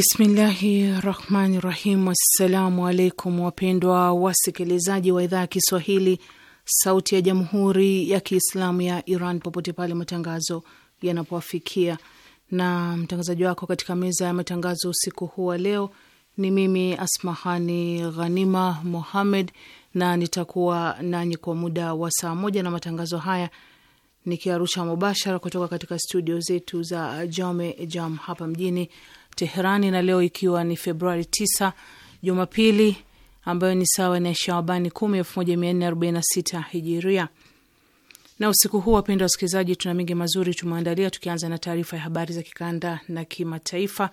Bismillahi rahmani rahim. Assalamu alaikum wapendwa wasikilizaji wa idhaa ya Kiswahili sauti ya jamhuri ya Kiislamu ya Iran popote pale matangazo yanapowafikia, na mtangazaji wako katika meza ya matangazo usiku huu wa leo ni mimi Asmahani Ghanima Mohammed, na nitakuwa nanyi kwa muda wa saa moja na matangazo haya nikiarusha mubashara kutoka katika studio zetu za Jame Jam hapa mjini Teherani, na leo ikiwa ni Februari 9 Jumapili, ambayo ni sawa na Shaabani 10 1446 Hijiria. Na usiku huu, wapendwa wasikilizaji, tuna mengi mazuri tumeandalia, tukianza na taarifa ya habari za kikanda na kimataifa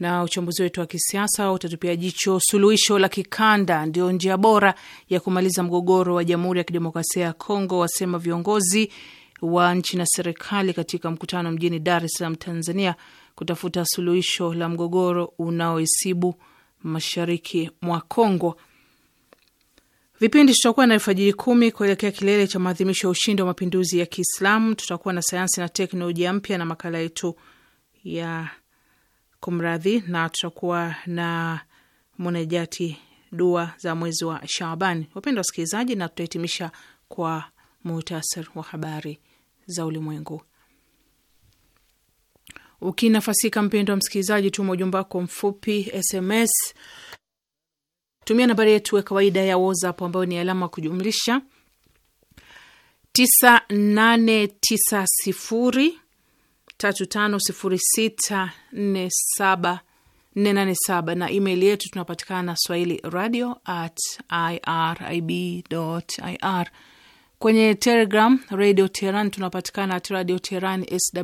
na uchambuzi wetu wa kisiasa utatupia jicho suluhisho la kikanda ndio njia bora ya kumaliza mgogoro wa Jamhuri ya Kidemokrasia ya Kongo, wasema viongozi wa nchi na serikali katika mkutano mjini Dar es Salaam, Tanzania, kutafuta suluhisho la mgogoro unaoisibu mashariki mwa Kongo. Vipindi tutakuwa na alfajiri kumi kuelekea kilele cha maadhimisho ya ushindi wa mapinduzi ya Kiislamu. Tutakuwa na sayansi na teknolojia mpya na makala yetu ya kumradhi, na tutakuwa na munajati dua za mwezi wa Shaabani. Wapendwa wasikilizaji, na tutahitimisha kwa muhtasari wa habari za ulimwengu. Ukinafasika mpendo wa msikilizaji, tuma ujumbe wako mfupi SMS, tumia nambari yetu ya kawaida ya WhatsApp ambayo ni alama kujumlisha 9890 na email yetu tunapatikana swahili radio at irib ir. Kwenye Telegram radio Teheran tunapatikana at radio Teheran sw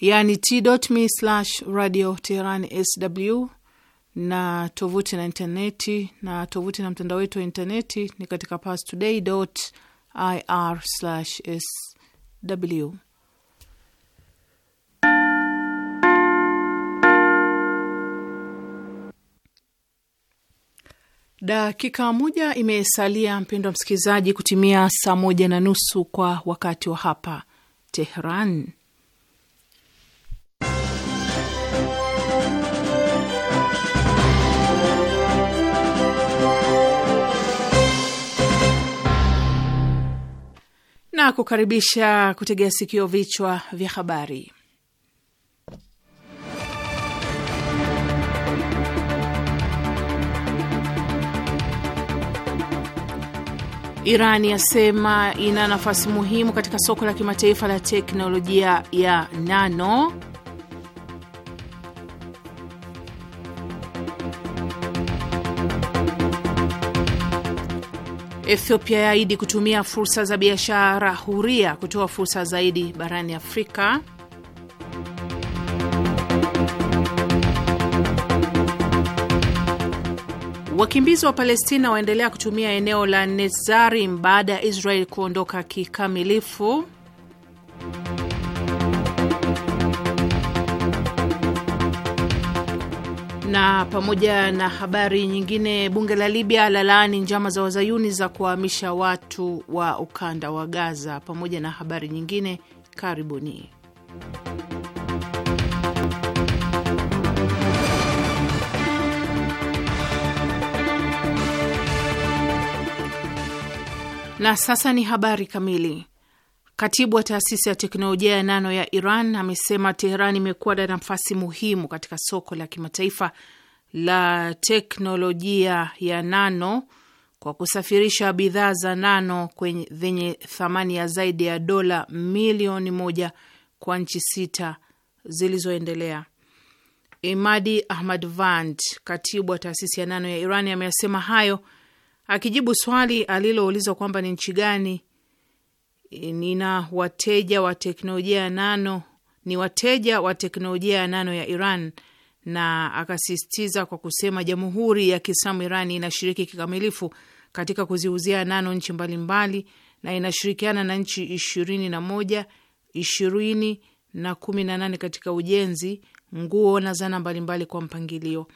yani t.me slash radio Tehran sw na tovuti na intaneti na tovuti na mtandao wetu wa intaneti ni katika pastoday ir sw. Dakika moja imesalia, mpendo wa msikilizaji, kutimia saa moja na nusu kwa wakati wa hapa Tehran kukaribisha kutegea sikio vichwa vya habari. Iran yasema ina nafasi muhimu katika soko la kimataifa la teknolojia ya nano. Ethiopia yaahidi kutumia fursa za biashara huria kutoa fursa zaidi barani Afrika. Wakimbizi wa Palestina waendelea kutumia eneo la Netzarim baada ya Israel kuondoka kikamilifu. Na pamoja na habari nyingine, bunge la Libya lalaani njama za wazayuni za kuwaamisha watu wa ukanda wa Gaza, pamoja na habari nyingine. Karibuni. Na sasa ni habari kamili. Katibu wa taasisi ya teknolojia ya nano ya Iran amesema Teheran imekuwa na nafasi muhimu katika soko la kimataifa la teknolojia ya nano kwa kusafirisha bidhaa za nano zenye thamani ya zaidi ya dola milioni moja kwa nchi sita zilizoendelea. Imadi Vand, katibu wa taasisi ya nano ya Iran, ameyasema hayo akijibu swali aliloulizwa kwamba ni nchi gani E, nina wateja wa teknolojia ya nano, ni wateja wa teknolojia ya nano ya Iran, na akasisitiza kwa kusema Jamhuri ya Kiislamu Iran inashiriki kikamilifu katika kuziuzia nano nchi mbalimbali na inashirikiana na nchi ishirini na moja ishirini na kumi na nane katika ujenzi, nguo na zana mbalimbali kwa mpangilio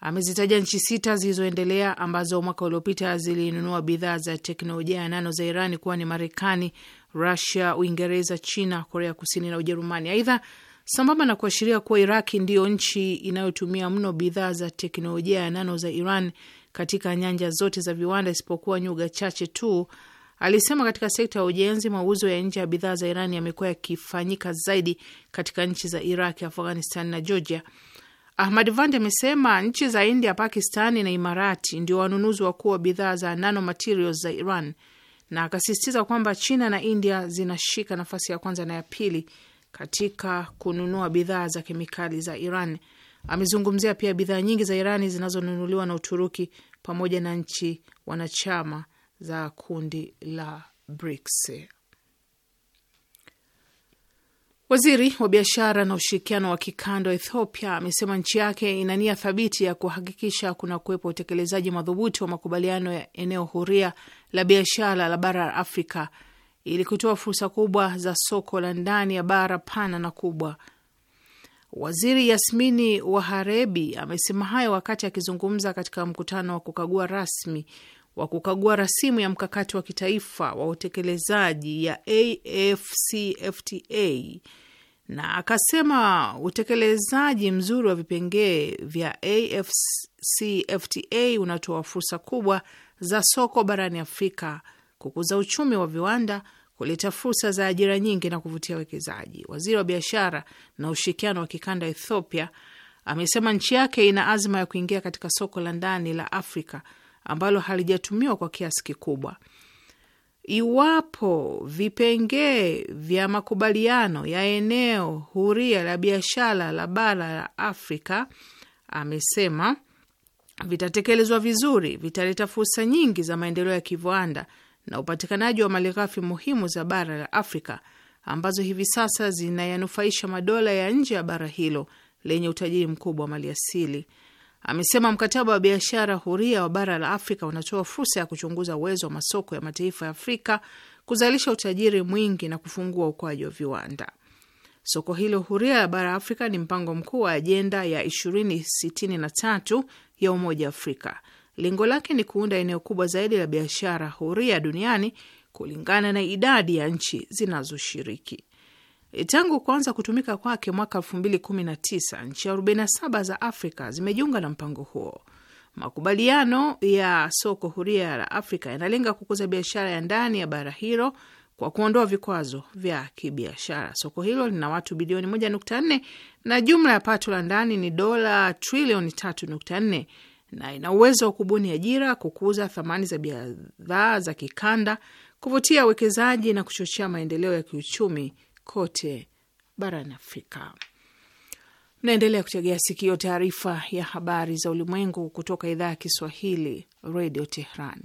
amezitaja nchi sita zilizoendelea ambazo mwaka uliopita zilinunua bidhaa za teknolojia ya nano za iran kuwa ni Marekani, Rusia, Uingereza, China, Korea Kusini na Ujerumani. Aidha, sambamba na kuashiria kuwa Iraki ndiyo nchi inayotumia mno bidhaa za teknolojia ya nano za Iran katika nyanja zote za viwanda isipokuwa nyuga chache tu, alisema katika sekta ya ujenzi, mauzo ya nje ya bidhaa za Iran yamekuwa yakifanyika zaidi katika nchi za iraq Afghanistan na Georgia. Ahmad Vand amesema nchi za India, Pakistani na Imarati ndio wanunuzi wakuu wa bidhaa za nanomaterials za Iran, na akasisitiza kwamba China na India zinashika nafasi ya kwanza na ya pili katika kununua bidhaa za kemikali za Iran. Amezungumzia pia bidhaa nyingi za Irani zinazonunuliwa na Uturuki pamoja na nchi wanachama za kundi la BRICS. Waziri wa biashara na ushirikiano wa kikanda wa Ethiopia amesema nchi yake ina nia thabiti ya kuhakikisha kuna kuwepo utekelezaji madhubuti wa makubaliano ya eneo huria la biashara la bara la Afrika ili kutoa fursa kubwa za soko la ndani ya bara pana na kubwa. Waziri Yasmini Waharebi amesema hayo wakati akizungumza katika mkutano wa kukagua rasmi wa kukagua rasimu ya mkakati wa kitaifa wa utekelezaji ya AfCFTA na akasema utekelezaji mzuri wa vipengee vya AfCFTA unatoa fursa kubwa za soko barani Afrika, kukuza uchumi wa viwanda, kuleta fursa za ajira nyingi na kuvutia wekezaji. Waziri wa biashara na ushirikiano wa kikanda Ethiopia amesema nchi yake ina azma ya kuingia katika soko la ndani la Afrika ambalo halijatumiwa kwa kiasi kikubwa. Iwapo vipengee vya makubaliano ya eneo huria la biashara la bara la Afrika, amesema, vitatekelezwa vizuri, vitaleta fursa nyingi za maendeleo ya kiviwanda na upatikanaji wa malighafi muhimu za bara la Afrika ambazo hivi sasa zinayanufaisha madola ya nje ya bara hilo lenye utajiri mkubwa wa maliasili amesema mkataba wa biashara huria wa bara la Afrika unatoa fursa ya kuchunguza uwezo wa masoko ya mataifa ya Afrika kuzalisha utajiri mwingi na kufungua ukuaji wa viwanda. Soko hilo huria la bara Afrika ni mpango mkuu wa ajenda ya 2063 ya Umoja wa Afrika. Lengo lake ni kuunda eneo kubwa zaidi la biashara huria duniani kulingana na idadi ya nchi zinazoshiriki. Tangu kuanza kutumika kwake mwaka 2019 nchi 47 za Afrika zimejiunga na mpango huo. Makubaliano ya soko huria la Afrika yanalenga kukuza biashara ya ndani ya bara hilo kwa kuondoa vikwazo vya kibiashara. Soko hilo lina watu bilioni 1.4 na jumla ya pato la ndani ni dola trilioni 3.4 na ina uwezo wa kubuni ajira, kukuza thamani za bidhaa za kikanda, kuvutia uwekezaji na kuchochea maendeleo ya kiuchumi kote barani Afrika. Naendelea kutegea sikio taarifa ya habari za ulimwengu kutoka idhaa ya Kiswahili redio Tehran.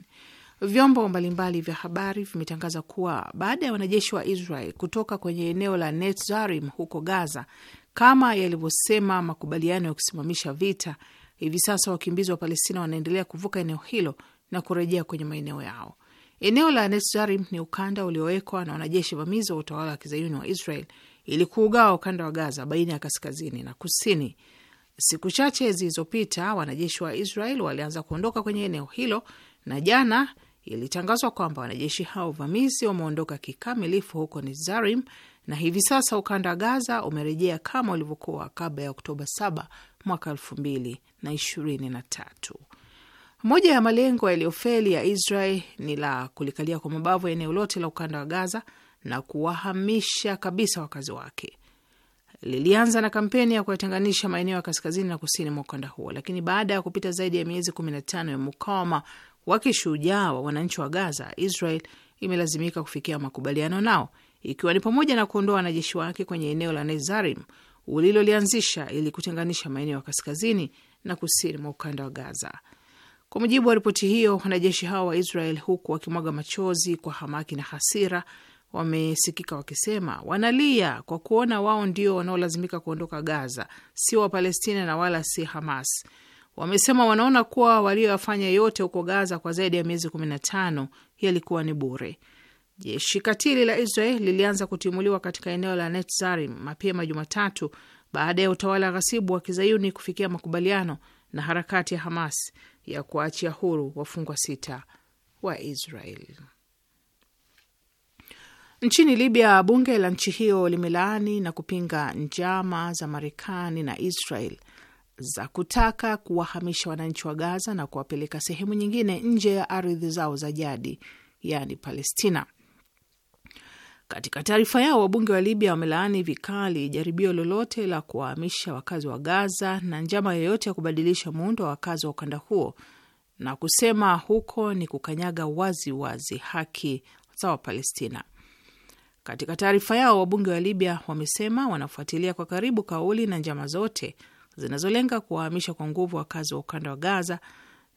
Vyombo mbalimbali vya habari vimetangaza kuwa baada ya wanajeshi wa Israel kutoka kwenye eneo la Netzarim huko Gaza, kama yalivyosema makubaliano ya kusimamisha vita, hivi sasa wakimbizi wa Palestina wanaendelea kuvuka eneo hilo na kurejea kwenye maeneo yao. Eneo la Netzarim ni ukanda uliowekwa na wanajeshi vamizi wa utawala wa kizayuni wa Israel ili kuugawa ukanda wa Gaza baina ya kaskazini na kusini. Siku chache zilizopita wanajeshi wa Israel walianza kuondoka kwenye eneo hilo, na jana ilitangazwa kwamba wanajeshi hao vamizi wameondoka kikamilifu huko Netzarim, na hivi sasa ukanda wa Gaza umerejea kama ulivyokuwa kabla ya Oktoba 7 mwaka 2023. Moja ya malengo yaliyofeli ya Israel ni la kulikalia kwa mabavu eneo lote la ukanda wa Gaza na kuwahamisha kabisa wakazi wake. Lilianza na kampeni ya kuyatenganisha maeneo ya kaskazini na kusini mwa ukanda huo, lakini baada ya kupita zaidi ya miezi 15 ya mukawama wa kishujaa wa wananchi wa Gaza, Israel imelazimika kufikia makubaliano nao, ikiwa ni pamoja na kuondoa wanajeshi wake kwenye eneo la Nezarim ulilolianzisha ili kutenganisha maeneo ya kaskazini na kusini mwa ukanda wa Gaza. Kwa mujibu wa ripoti hiyo, wanajeshi hao wa Israel, huku wakimwaga machozi kwa hamaki na hasira, wamesikika wakisema wanalia kwa kuona wao ndio wanaolazimika kuondoka Gaza, si Wapalestina na wala si Hamas. Wamesema wanaona kuwa walioyafanya yote huko Gaza kwa zaidi ya miezi 15 yalikuwa ni bure. Jeshi katili la Israel lilianza kutimuliwa katika eneo la Netzarim mapema Jumatatu baada ya utawala ghasibu wa kizayuni kufikia makubaliano na harakati ya Hamas ya kuachia huru wafungwa sita wa Israel. Nchini Libya, bunge la nchi hiyo limelaani na kupinga njama za Marekani na Israel za kutaka kuwahamisha wananchi wa Gaza na kuwapeleka sehemu nyingine nje ya ardhi zao za jadi, yaani Palestina. Katika taarifa yao, wabunge wa Libya wamelaani vikali jaribio lolote la kuwahamisha wakazi wa Gaza na njama yoyote ya kubadilisha muundo wa wakazi wa ukanda huo na kusema huko ni kukanyaga wazi wazi haki za Wapalestina. Katika taarifa yao, wabunge wa Libya wamesema wanafuatilia kwa karibu kauli na njama zote zinazolenga kuwahamisha kwa nguvu wakazi wa ukanda wa Gaza,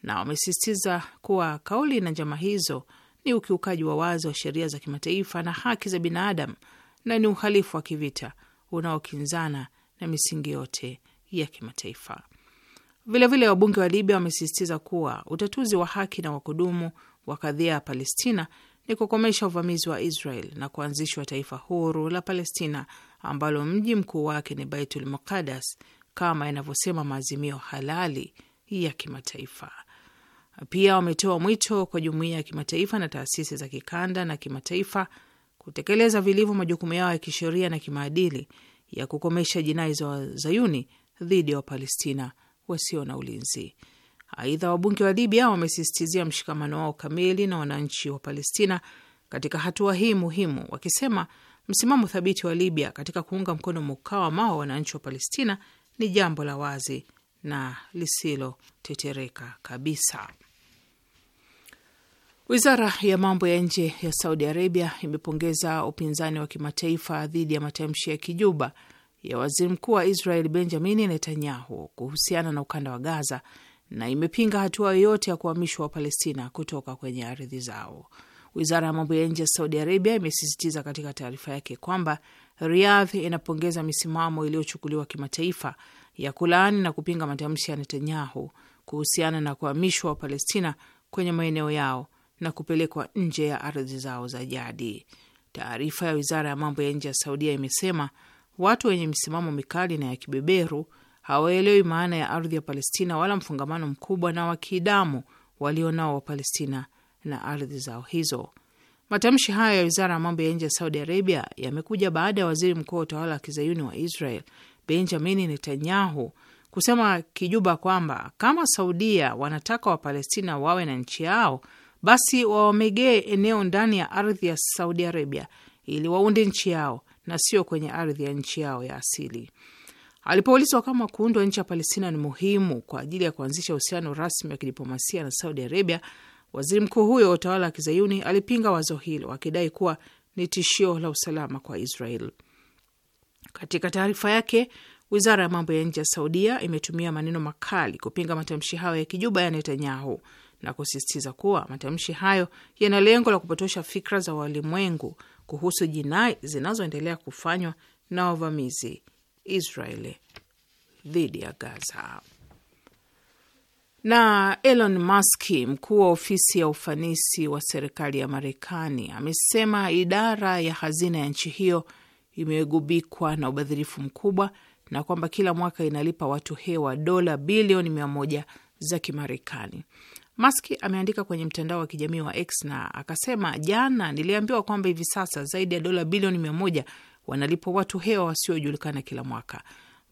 na wamesisitiza kuwa kauli na njama hizo ni ukiukaji wa wazi wa sheria za kimataifa na haki za binadamu na ni uhalifu wa kivita unaokinzana na misingi yote ya kimataifa. Vilevile, wabunge wa Libya wamesisitiza kuwa utatuzi wa haki na wa kudumu wa kadhia ya Palestina ni kukomesha uvamizi wa Israel na kuanzishwa taifa huru la Palestina ambalo mji mkuu wake ni Baitul Muqaddas kama inavyosema maazimio halali ya kimataifa. Pia wametoa mwito kwa jumuiya ya kimataifa na taasisi za kikanda na kimataifa kutekeleza vilivyo majukumu yao ya kisheria na kimaadili ya kukomesha jinai za wazayuni dhidi ya Wapalestina wasio na ulinzi. Aidha, wabunge wa Libya wamesisitizia mshikamano wao kamili na wananchi wa Palestina katika hatua hii muhimu, wakisema msimamo thabiti wa Libya katika kuunga mkono mukawama wa wananchi wa Palestina ni jambo la wazi na lisilotetereka kabisa. Wizara ya mambo ya nje ya Saudi Arabia imepongeza upinzani wa kimataifa dhidi ya matamshi ya kijuba ya waziri mkuu wa Israel Benjamin Netanyahu kuhusiana na ukanda wa Gaza na imepinga hatua yoyote ya kuhamishwa Wapalestina kutoka kwenye ardhi zao. Wizara ya mambo ya nje ya Saudi Arabia imesisitiza katika taarifa yake kwamba Riyadh inapongeza misimamo iliyochukuliwa kimataifa ya kulaani na kupinga matamshi ya Netanyahu kuhusiana na kuhamishwa Wapalestina kwenye maeneo yao na kupelekwa nje ya ardhi zao za jadi. Taarifa ya wizara ya mambo ya nje ya Saudia imesema watu wenye misimamo mikali na ya kibeberu hawaelewi maana ya ardhi ya Palestina wala mfungamano mkubwa na wa kiidamu walionao Wapalestina na ardhi zao hizo. Matamshi hayo ya wizara ya mambo ya nje ya Saudi Arabia yamekuja baada ya waziri mkuu wa utawala wa kizayuni wa Israel Benjamin Netanyahu kusema kijuba kwamba kama Saudia wanataka Wapalestina wawe na nchi yao basi wawamegee eneo ndani ya ardhi ya Saudi Arabia ili waunde nchi yao na sio kwenye ardhi ya nchi yao ya asili. Alipoulizwa kama kuundwa nchi ya Palestina ni muhimu kwa ajili ya kuanzisha uhusiano rasmi wa kidiplomasia na Saudi Arabia, waziri mkuu huyo wa utawala wa kizayuni alipinga wazo hilo akidai kuwa ni tishio la usalama kwa Israel. Katika taarifa yake, wizara ya mambo ya nje ya Saudia imetumia maneno makali kupinga matamshi hayo ya kijuba ya Netanyahu na kusisitiza kuwa matamshi hayo yana lengo la kupotosha fikra za walimwengu kuhusu jinai zinazoendelea kufanywa na wavamizi Israeli dhidi ya Gaza. Na Elon Musk, mkuu wa ofisi ya ufanisi wa serikali ya Marekani, amesema idara ya hazina ya nchi hiyo imegubikwa na ubadhirifu mkubwa na kwamba kila mwaka inalipa watu hewa dola bilioni mia moja za Kimarekani. Maski ameandika kwenye mtandao wa kijamii wa X na akasema, jana niliambiwa kwamba hivi sasa zaidi ya dola bilioni mia moja wanalipwa watu hewa wasiojulikana kila mwaka.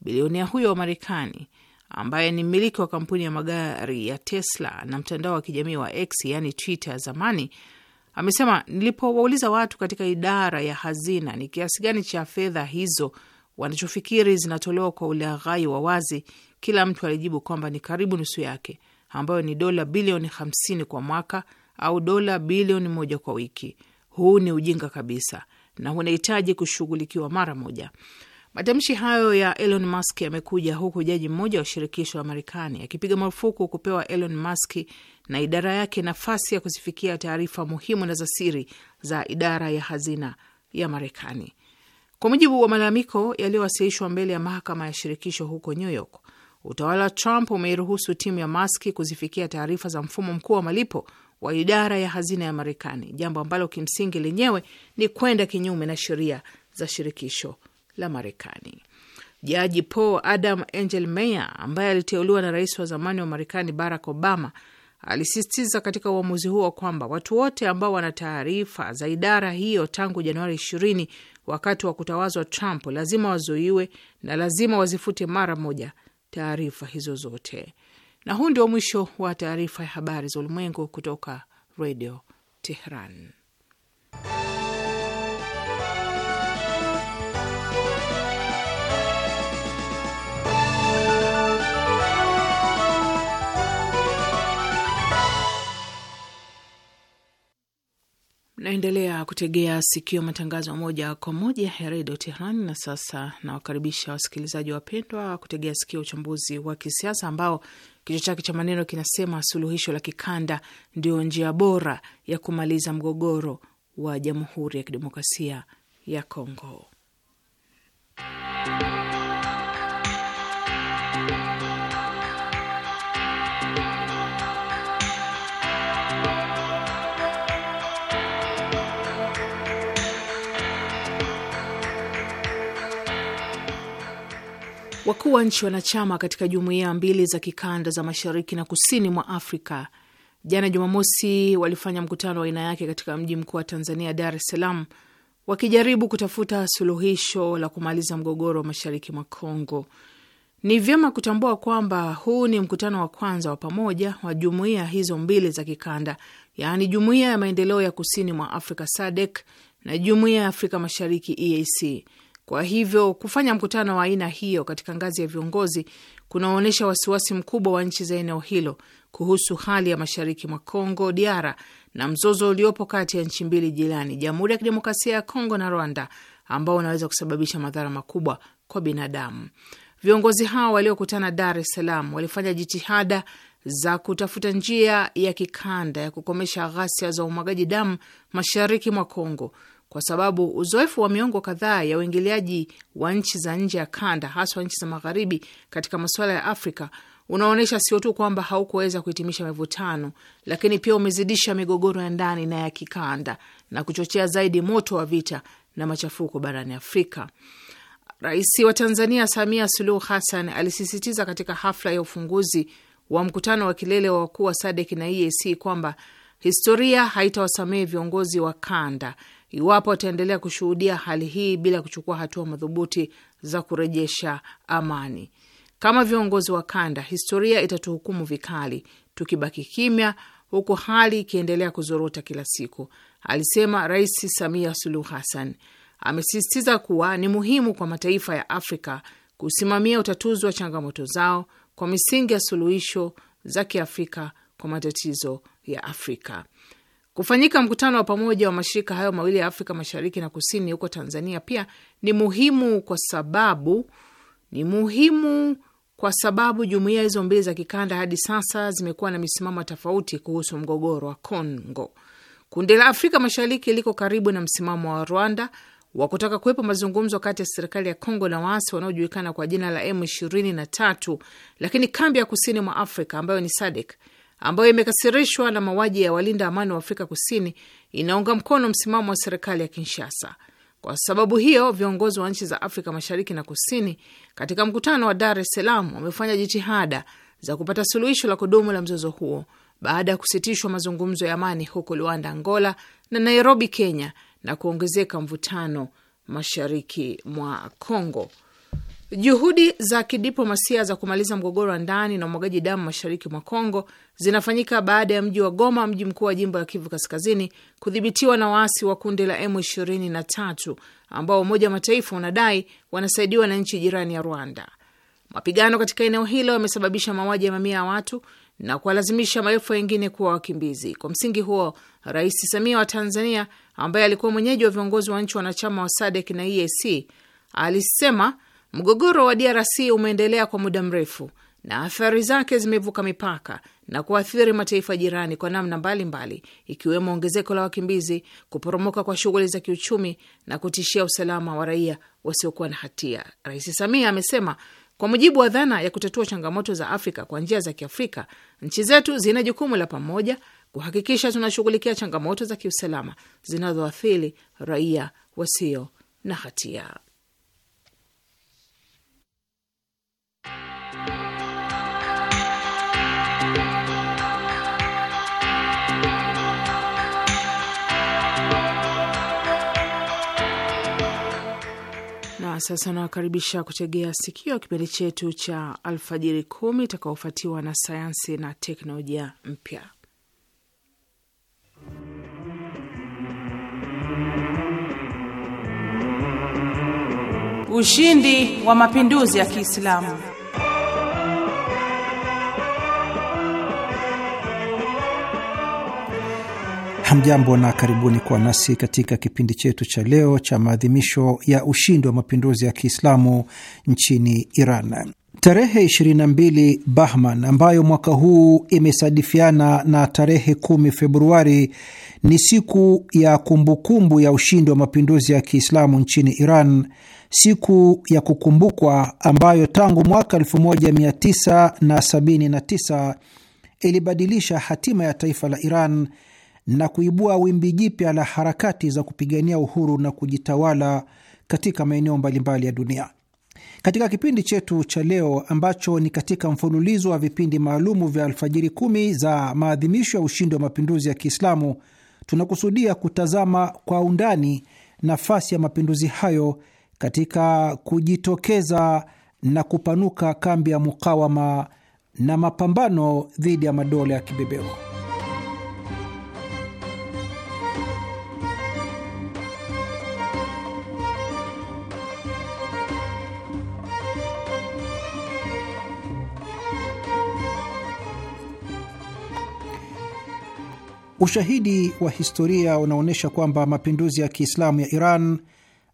Bilionea huyo wa Marekani ambaye ni mmiliki wa kampuni ya magari ya Tesla na mtandao wa kijamii wa X yaani Twitter zamani, amesema nilipowauliza watu katika idara ya hazina ni kiasi gani cha fedha hizo wanachofikiri zinatolewa kwa ulaghai wa wazi, kila mtu alijibu kwamba ni karibu nusu yake ambayo ni dola bilioni 50 kwa mwaka au dola bilioni moja kwa wiki. Huu ni ujinga kabisa na unahitaji kushughulikiwa mara moja. Matamshi hayo ya Elon Musk yamekuja huku jaji mmoja wa shirikisho la Marekani akipiga marufuku kupewa Elon Musk na idara yake nafasi ya kuzifikia taarifa muhimu na za siri za idara ya hazina ya Marekani. Kwa mujibu wa malalamiko yaliyowasilishwa mbele ya mahakama ya shirikisho huko New York, Utawala wa Trump umeiruhusu timu ya Maski kuzifikia taarifa za mfumo mkuu wa malipo wa idara ya hazina ya Marekani, jambo ambalo kimsingi lenyewe ni kwenda kinyume na sheria za shirikisho la Marekani. Jaji Paul Adam Angel Meyer ambaye aliteuliwa na rais wa zamani wa Marekani Barack Obama alisisitiza katika uamuzi huo kwamba watu wote ambao wana taarifa za idara hiyo tangu Januari 20 wakati wa kutawazwa Trump lazima wazuiwe na lazima wazifute mara moja taarifa hizo zote. Na huu ndio mwisho wa taarifa ya habari za ulimwengu kutoka Redio Tehran. Naendelea kutegea sikio matangazo moja kwa moja ya redio Tehran. Na sasa nawakaribisha wasikilizaji wapendwa kutegea sikio uchambuzi wa kisiasa ambao kichwa chake cha maneno kinasema suluhisho la kikanda ndio njia bora ya kumaliza mgogoro wa Jamhuri ya Kidemokrasia ya Kongo. Wakuu wa nchi wanachama katika jumuiya mbili za kikanda za mashariki na kusini mwa Afrika jana Jumamosi walifanya mkutano wa aina yake katika mji mkuu wa Tanzania, Dar es Salaam, wakijaribu kutafuta suluhisho la kumaliza mgogoro wa mashariki mwa Kongo. Ni vyema kutambua kwamba huu ni mkutano wa kwanza wa pamoja wa jumuiya hizo mbili za kikanda, yaani jumuiya ya maendeleo ya kusini mwa Afrika SADC na jumuiya ya Afrika Mashariki EAC kwa hivyo kufanya mkutano wa aina hiyo katika ngazi ya viongozi kunaonyesha wasiwasi mkubwa wa nchi za eneo hilo kuhusu hali ya mashariki mwa Kongo Diara na mzozo uliopo kati ya nchi mbili jirani, Jamhuri ya Kidemokrasia ya Kongo na Rwanda, ambao unaweza kusababisha madhara makubwa kwa binadamu. Viongozi hao waliokutana Dar es Salaam walifanya jitihada za kutafuta njia ya kikanda ya kukomesha ghasia za umwagaji damu mashariki mwa Kongo kwa sababu uzoefu wa miongo kadhaa ya uingiliaji wa nchi za nje ya kanda, haswa nchi za magharibi katika masuala ya Afrika unaonyesha sio tu kwamba haukuweza kuhitimisha mivutano, lakini pia umezidisha migogoro ya ndani na ya kikanda na kuchochea zaidi moto wa vita na machafuko barani Afrika. Rais wa Tanzania Samia Suluhu Hassan alisisitiza katika hafla ya ufunguzi wa mkutano wa kilele wa wakuu wa SADC na EAC kwamba historia haitawasamehe viongozi wa kanda Iwapo wataendelea kushuhudia hali hii bila kuchukua hatua madhubuti za kurejesha amani, kama viongozi wa kanda, historia itatuhukumu vikali tukibaki kimya, huku hali ikiendelea kuzorota kila siku, alisema Rais Samia Suluhu Hassan. Amesisitiza kuwa ni muhimu kwa mataifa ya Afrika kusimamia utatuzi wa changamoto zao kwa misingi ya suluhisho za kiafrika kwa matatizo ya Afrika. Kufanyika mkutano wa pamoja wa mashirika hayo mawili ya Afrika Mashariki na Kusini huko Tanzania pia ni muhimu kwa sababu ni muhimu kwa sababu jumuiya hizo mbili za kikanda hadi sasa zimekuwa na misimamo tofauti kuhusu mgogoro wa congo Kundi la Afrika Mashariki liko karibu na msimamo wa Rwanda wa kutaka kuwepo mazungumzo kati ya serikali ya congo na waasi wanaojulikana kwa jina la M23, lakini kambi ya kusini mwa Afrika ambayo ni SADC ambayo imekasirishwa na mauaji ya walinda amani wa Afrika Kusini inaunga mkono msimamo wa serikali ya Kinshasa. Kwa sababu hiyo, viongozi wa nchi za Afrika Mashariki na Kusini katika mkutano wa Dar es Salaam wamefanya jitihada za kupata suluhisho la kudumu la mzozo huo baada ya kusitishwa mazungumzo ya amani huko Luanda, Angola na Nairobi, Kenya, na kuongezeka mvutano mashariki mwa Kongo. Juhudi za kidiplomasia za kumaliza mgogoro wa ndani na umwagaji damu mashariki mwa Kongo zinafanyika baada ya mji wa Goma, mji mkuu wa jimbo la Kivu Kaskazini, kudhibitiwa na waasi wa kundi la M23 ambao Umoja wa Mataifa unadai wanasaidiwa na nchi jirani ya Rwanda. Mapigano katika eneo hilo yamesababisha mauaji ya mamia ya watu na kuwalazimisha maelfu wengine kuwa wakimbizi. Kwa msingi huo, Rais Samia wa Tanzania, ambaye alikuwa mwenyeji wa viongozi wa nchi wanachama wa SADC na EAC, alisema Mgogoro wa DRC umeendelea kwa muda mrefu na athari zake zimevuka mipaka na kuathiri mataifa jirani kwa namna mbalimbali, ikiwemo ongezeko la wakimbizi, kuporomoka kwa shughuli za kiuchumi na kutishia usalama wa raia wasiokuwa na hatia. Rais Samia amesema kwa mujibu wa dhana ya kutatua changamoto za Afrika kwa njia za Kiafrika, nchi zetu zina jukumu la pamoja kuhakikisha tunashughulikia changamoto za kiusalama zinazoathiri raia wasio na hatia. sasa nawakaribisha kutegea sikio kipindi chetu cha alfajiri kumi itakaofuatiwa na sayansi na teknolojia mpya. Ushindi wa mapinduzi ya Kiislamu. Hamjambo na karibuni kwa nasi katika kipindi chetu cha leo cha maadhimisho ya ushindi wa mapinduzi ya Kiislamu nchini Iran. Tarehe 22 Bahman ambayo mwaka huu imesadifiana na tarehe 10 Februari ni siku ya kumbukumbu ya ushindi wa mapinduzi ya Kiislamu nchini Iran, siku ya kukumbukwa ambayo tangu mwaka 1979 ilibadilisha hatima ya taifa la Iran na kuibua wimbi jipya la harakati za kupigania uhuru na kujitawala katika maeneo mbalimbali ya dunia. Katika kipindi chetu cha leo ambacho ni katika mfululizo wa vipindi maalumu vya alfajiri kumi za maadhimisho ya ushindi wa mapinduzi ya Kiislamu, tunakusudia kutazama kwa undani nafasi ya mapinduzi hayo katika kujitokeza na kupanuka kambi ya mukawama na mapambano dhidi ya madola ya kibebeo. Ushahidi wa historia unaonyesha kwamba mapinduzi ya Kiislamu ya Iran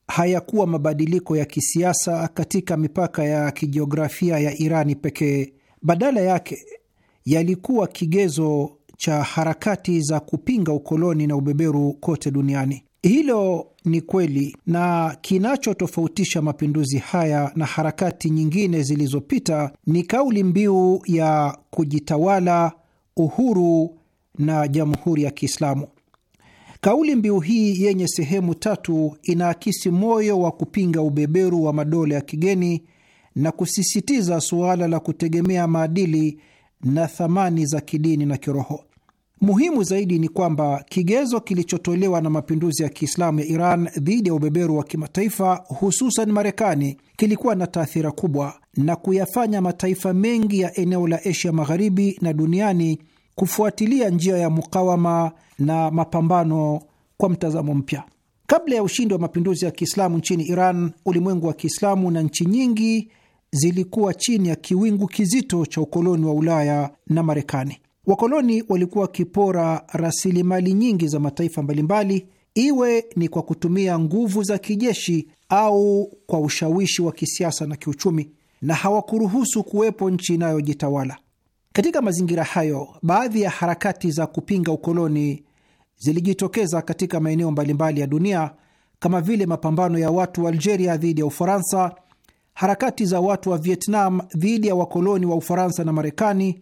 hayakuwa mabadiliko ya kisiasa katika mipaka ya kijiografia ya Irani pekee. Badala yake, yalikuwa kigezo cha harakati za kupinga ukoloni na ubeberu kote duniani. Hilo ni kweli, na kinachotofautisha mapinduzi haya na harakati nyingine zilizopita ni kauli mbiu ya kujitawala, uhuru na Jamhuri ya Kiislamu. Kauli mbiu hii yenye sehemu tatu inaakisi moyo wa kupinga ubeberu wa madola ya kigeni na kusisitiza suala la kutegemea maadili na thamani za kidini na kiroho. Muhimu zaidi ni kwamba kigezo kilichotolewa na mapinduzi ya Kiislamu ya Iran dhidi ya ubeberu wa kimataifa, hususan Marekani, kilikuwa na taathira kubwa na kuyafanya mataifa mengi ya eneo la Asia Magharibi na duniani kufuatilia njia ya mukawama na mapambano kwa mtazamo mpya. Kabla ya ushindi wa mapinduzi ya Kiislamu nchini Iran, ulimwengu wa Kiislamu na nchi nyingi zilikuwa chini ya kiwingu kizito cha ukoloni wa Ulaya na Marekani. Wakoloni walikuwa wakipora rasilimali nyingi za mataifa mbalimbali, iwe ni kwa kutumia nguvu za kijeshi au kwa ushawishi wa kisiasa na kiuchumi, na hawakuruhusu kuwepo nchi inayojitawala. Katika mazingira hayo, baadhi ya harakati za kupinga ukoloni zilijitokeza katika maeneo mbalimbali ya dunia kama vile mapambano ya watu wa Algeria dhidi ya Ufaransa, harakati za watu wa Vietnam dhidi ya wakoloni wa Ufaransa na Marekani,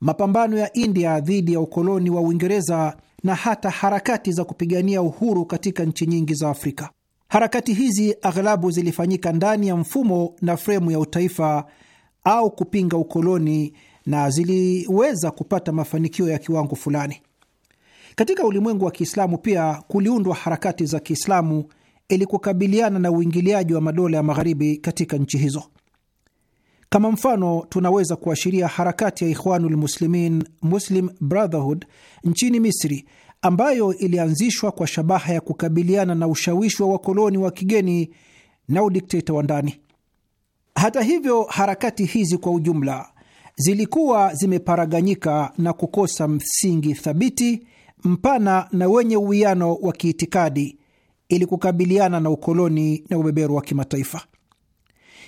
mapambano ya India dhidi ya ukoloni wa Uingereza na hata harakati za kupigania uhuru katika nchi nyingi za Afrika. Harakati hizi aghalabu zilifanyika ndani ya mfumo na fremu ya utaifa au kupinga ukoloni na ziliweza kupata mafanikio ya kiwango fulani. Katika ulimwengu wa Kiislamu pia kuliundwa harakati za Kiislamu ili kukabiliana na uingiliaji wa madola ya magharibi katika nchi hizo. Kama mfano, tunaweza kuashiria harakati ya Ikhwanul Muslimin, Muslim Brotherhood nchini Misri, ambayo ilianzishwa kwa shabaha ya kukabiliana na ushawishi wa wakoloni wa kigeni na udikteta wa ndani. Hata hivyo, harakati hizi kwa ujumla zilikuwa zimeparaganyika na kukosa msingi thabiti, mpana na wenye uwiano wa kiitikadi ili kukabiliana na ukoloni na ubeberu wa kimataifa.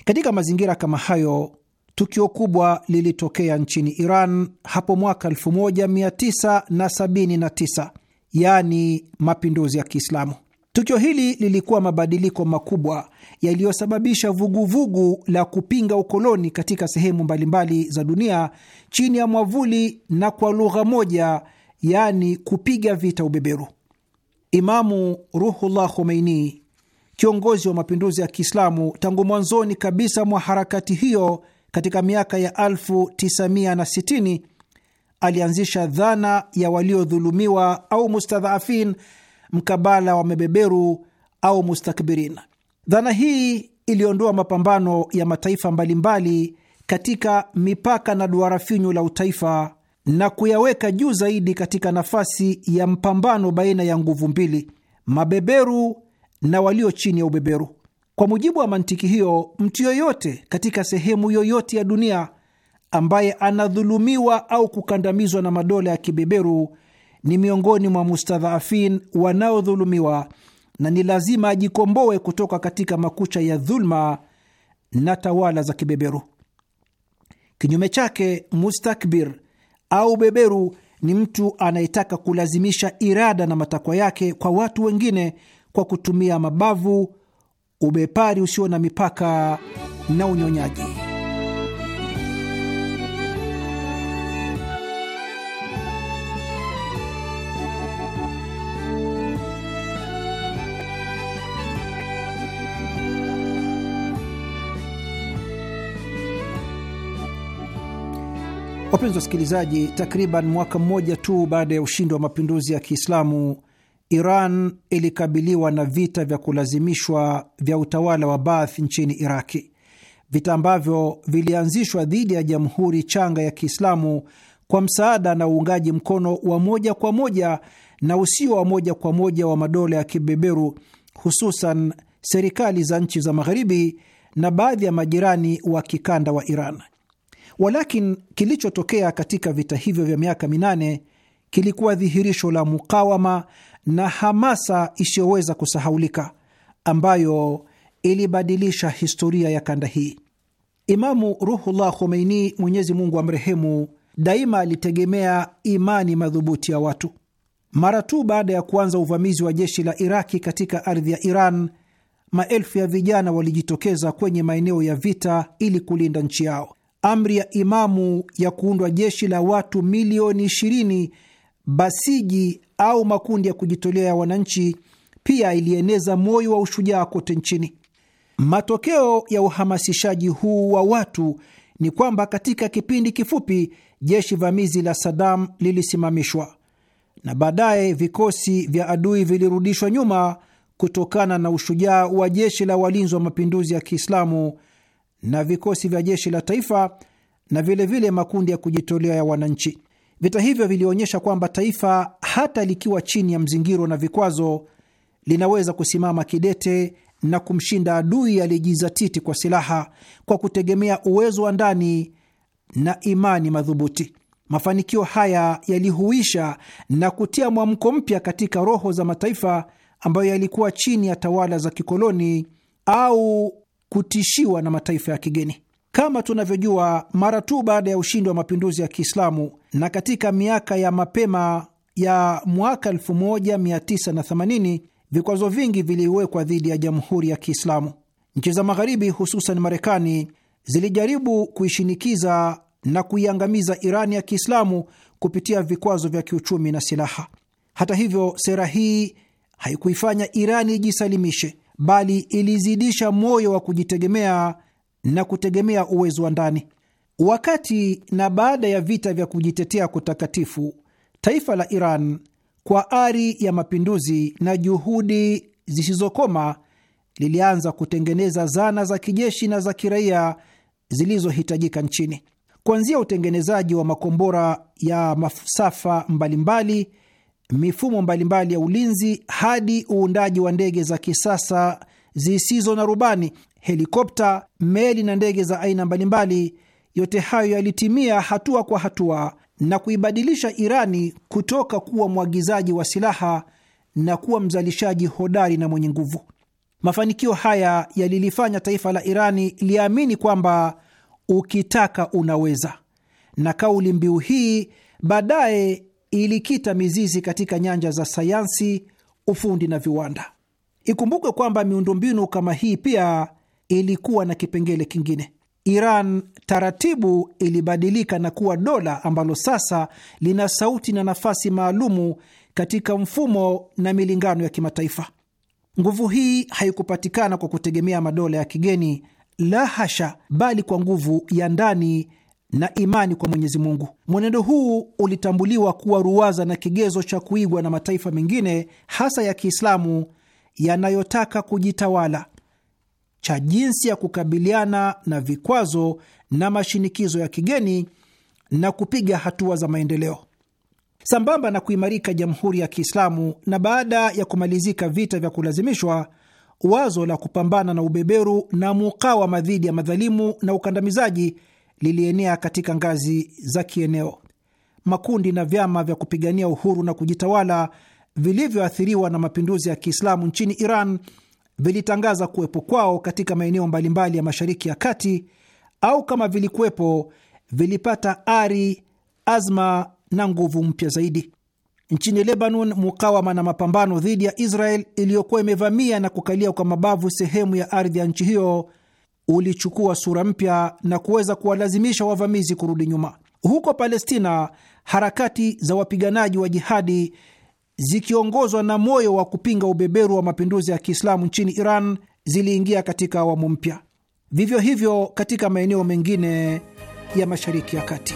Katika mazingira kama hayo, tukio kubwa lilitokea nchini Iran hapo mwaka 1979 yaani mapinduzi ya Kiislamu. Tukio hili lilikuwa mabadiliko makubwa yaliyosababisha vuguvugu la kupinga ukoloni katika sehemu mbalimbali za dunia chini ya mwavuli na kwa lugha moja, yaani kupiga vita ubeberu. Imamu Ruhullah Khomeini, kiongozi wa mapinduzi ya Kiislamu, tangu mwanzoni kabisa mwa harakati hiyo katika miaka ya 1960 alianzisha dhana ya waliodhulumiwa au mustadhaafin mkabala wa mabeberu au mustakbirin. Dhana hii iliondoa mapambano ya mataifa mbalimbali katika mipaka na duara finyu la utaifa na kuyaweka juu zaidi katika nafasi ya mpambano baina ya nguvu mbili, mabeberu na walio chini ya ubeberu. Kwa mujibu wa mantiki hiyo, mtu yoyote katika sehemu yoyote ya dunia ambaye anadhulumiwa au kukandamizwa na madola ya kibeberu ni miongoni mwa mustadhaafin wanaodhulumiwa na ni lazima ajikomboe kutoka katika makucha ya dhulma na tawala za kibeberu. Kinyume chake, mustakbir au beberu ni mtu anayetaka kulazimisha irada na matakwa yake kwa watu wengine kwa kutumia mabavu, ubepari usio na mipaka na unyonyaji. Wapenzi wasikilizaji, takriban mwaka mmoja tu baada ya ushindi wa mapinduzi ya Kiislamu, Iran ilikabiliwa na vita vya kulazimishwa vya utawala wa Baath nchini Iraki, vita ambavyo vilianzishwa dhidi ya jamhuri changa ya Kiislamu kwa msaada na uungaji mkono wa moja kwa moja na usio wa moja kwa moja wa madola ya kibeberu, hususan serikali za nchi za Magharibi na baadhi ya majirani wa kikanda wa Iran. Walakin kilichotokea katika vita hivyo vya miaka minane kilikuwa dhihirisho la mukawama na hamasa isiyoweza kusahaulika ambayo ilibadilisha historia ya kanda hii. Imamu Ruhullah Khomeini, Mwenyezi Mungu amrehemu, daima alitegemea imani madhubuti ya watu. Mara tu baada ya kuanza uvamizi wa jeshi la Iraki katika ardhi ya Iran, maelfu ya vijana walijitokeza kwenye maeneo ya vita ili kulinda nchi yao amri ya Imamu ya kuundwa jeshi la watu milioni 20 basiji au makundi ya kujitolea ya wananchi pia ilieneza moyo wa ushujaa kote nchini. Matokeo ya uhamasishaji huu wa watu ni kwamba katika kipindi kifupi jeshi vamizi la Saddam lilisimamishwa na baadaye vikosi vya adui vilirudishwa nyuma kutokana na ushujaa wa jeshi la walinzi wa mapinduzi ya Kiislamu na vikosi vya jeshi la taifa na vilevile vile makundi ya kujitolea ya wananchi. Vita hivyo vilionyesha kwamba taifa hata likiwa chini ya mzingiro na vikwazo, linaweza kusimama kidete na kumshinda adui aliyejizatiti kwa silaha kwa kutegemea uwezo wa ndani na imani madhubuti. Mafanikio haya yalihuisha na kutia mwamko mpya katika roho za mataifa ambayo yalikuwa chini ya tawala za kikoloni au kutishiwa na mataifa ya kigeni. Kama tunavyojua, mara tu baada ya ushindi wa mapinduzi ya Kiislamu na katika miaka ya mapema ya mwaka 1980 vikwazo vingi viliwekwa dhidi ya jamhuri ya Kiislamu. Nchi za Magharibi, hususan Marekani, zilijaribu kuishinikiza na kuiangamiza Irani ya Kiislamu kupitia vikwazo vya kiuchumi na silaha. Hata hivyo, sera hii haikuifanya Irani ijisalimishe, bali ilizidisha moyo wa kujitegemea na kutegemea uwezo wa ndani. Wakati na baada ya vita vya kujitetea kutakatifu, taifa la Iran kwa ari ya mapinduzi na juhudi zisizokoma lilianza kutengeneza zana za kijeshi na za kiraia zilizohitajika nchini, kuanzia utengenezaji wa makombora ya masafa mbalimbali mifumo mbalimbali ya ulinzi hadi uundaji wa ndege za kisasa zisizo na rubani, helikopta, meli na ndege za aina mbalimbali. Yote hayo yalitimia hatua kwa hatua na kuibadilisha Irani kutoka kuwa mwagizaji wa silaha na kuwa mzalishaji hodari na mwenye nguvu. Mafanikio haya yalilifanya taifa la Irani liamini kwamba ukitaka unaweza, na kauli mbiu hii baadaye ilikita mizizi katika nyanja za sayansi, ufundi na viwanda. Ikumbukwe kwamba miundombinu kama hii pia ilikuwa na kipengele kingine. Iran taratibu ilibadilika na kuwa dola ambalo sasa lina sauti na nafasi maalumu katika mfumo na milingano ya kimataifa. Nguvu hii haikupatikana kwa kutegemea madola ya kigeni, la hasha, bali kwa nguvu ya ndani na imani kwa Mwenyezi Mungu. Mwenendo huu ulitambuliwa kuwa ruwaza na kigezo cha kuigwa na mataifa mengine hasa ya Kiislamu yanayotaka kujitawala cha jinsi ya kukabiliana na vikwazo na mashinikizo ya kigeni na kupiga hatua za maendeleo. Sambamba na kuimarika Jamhuri ya Kiislamu na baada ya kumalizika vita vya kulazimishwa, wazo la kupambana na ubeberu na mukawama dhidi ya madhalimu na ukandamizaji lilienea katika ngazi za kieneo. Makundi na vyama vya kupigania uhuru na kujitawala vilivyoathiriwa na mapinduzi ya Kiislamu nchini Iran vilitangaza kuwepo kwao katika maeneo mbalimbali ya Mashariki ya Kati, au kama vilikuwepo, vilipata ari, azma na nguvu mpya zaidi. Nchini Lebanon, mukawama na mapambano dhidi ya Israel iliyokuwa imevamia na kukalia kwa mabavu sehemu ya ardhi ya nchi hiyo ulichukua sura mpya na kuweza kuwalazimisha wavamizi kurudi nyuma. Huko Palestina, harakati za wapiganaji wa jihadi zikiongozwa na moyo wa kupinga ubeberu wa mapinduzi ya Kiislamu nchini Iran ziliingia katika awamu mpya. Vivyo hivyo katika maeneo mengine ya Mashariki ya Kati.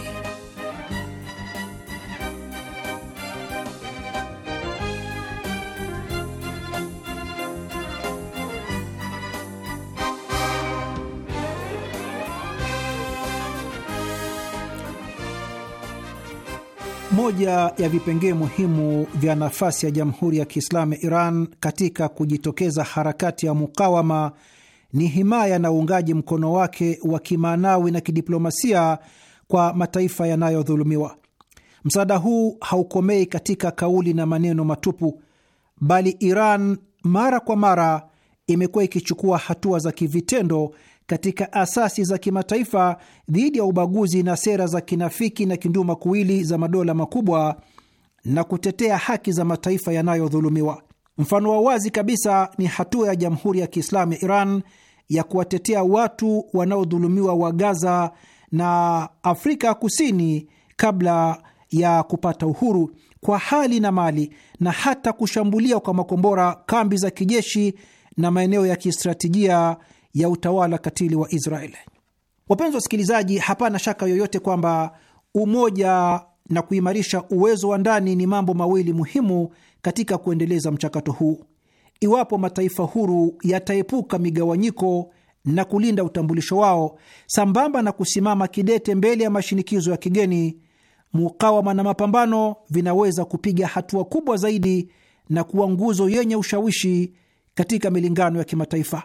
Moja ya vipengee muhimu vya nafasi ya Jamhuri ya Kiislamu ya Iran katika kujitokeza harakati ya mukawama ni himaya na uungaji mkono wake wa kimaanawi na kidiplomasia kwa mataifa yanayodhulumiwa. Msaada huu haukomei katika kauli na maneno matupu, bali Iran mara kwa mara imekuwa ikichukua hatua za kivitendo katika asasi za kimataifa dhidi ya ubaguzi na sera za kinafiki na kinduma kuwili za madola makubwa na kutetea haki za mataifa yanayodhulumiwa. Mfano wa wazi kabisa ni hatua ya Jamhuri ya Kiislamu ya Iran ya kuwatetea watu wanaodhulumiwa wa Gaza na Afrika Kusini kabla ya kupata uhuru kwa hali na mali, na hata kushambulia kwa makombora kambi za kijeshi na maeneo ya kistratejia ya utawala katili wa Israel. Wapenzi wasikilizaji, hapana shaka yoyote kwamba umoja na kuimarisha uwezo wa ndani ni mambo mawili muhimu katika kuendeleza mchakato huu. Iwapo mataifa huru yataepuka migawanyiko na kulinda utambulisho wao sambamba na kusimama kidete mbele ya mashinikizo ya kigeni, mukawama na mapambano vinaweza kupiga hatua kubwa zaidi na kuwa nguzo yenye ushawishi katika milingano ya kimataifa.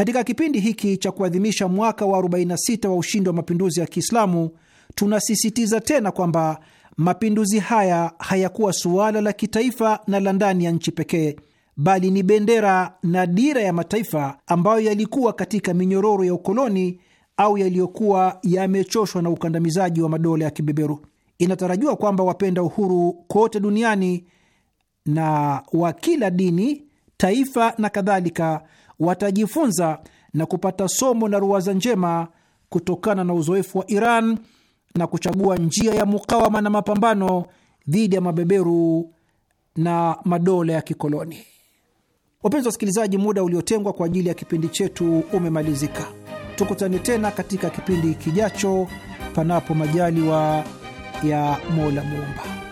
Katika kipindi hiki cha kuadhimisha mwaka wa 46 wa ushindi wa mapinduzi ya Kiislamu, tunasisitiza tena kwamba mapinduzi haya hayakuwa suala la kitaifa na la ndani ya nchi pekee, bali ni bendera na dira ya mataifa ambayo yalikuwa katika minyororo ya ukoloni au yaliyokuwa yamechoshwa na ukandamizaji wa madola ya kibeberu. Inatarajiwa kwamba wapenda uhuru kote duniani na wa kila dini, taifa na kadhalika watajifunza na kupata somo na ruwaza njema kutokana na uzoefu wa Iran na kuchagua njia ya mukawama na mapambano dhidi ya mabeberu na madola ya kikoloni. Wapenzi wasikilizaji, muda uliotengwa kwa ajili ya kipindi chetu umemalizika. Tukutane tena katika kipindi kijacho, panapo majaliwa ya Mola Muumba.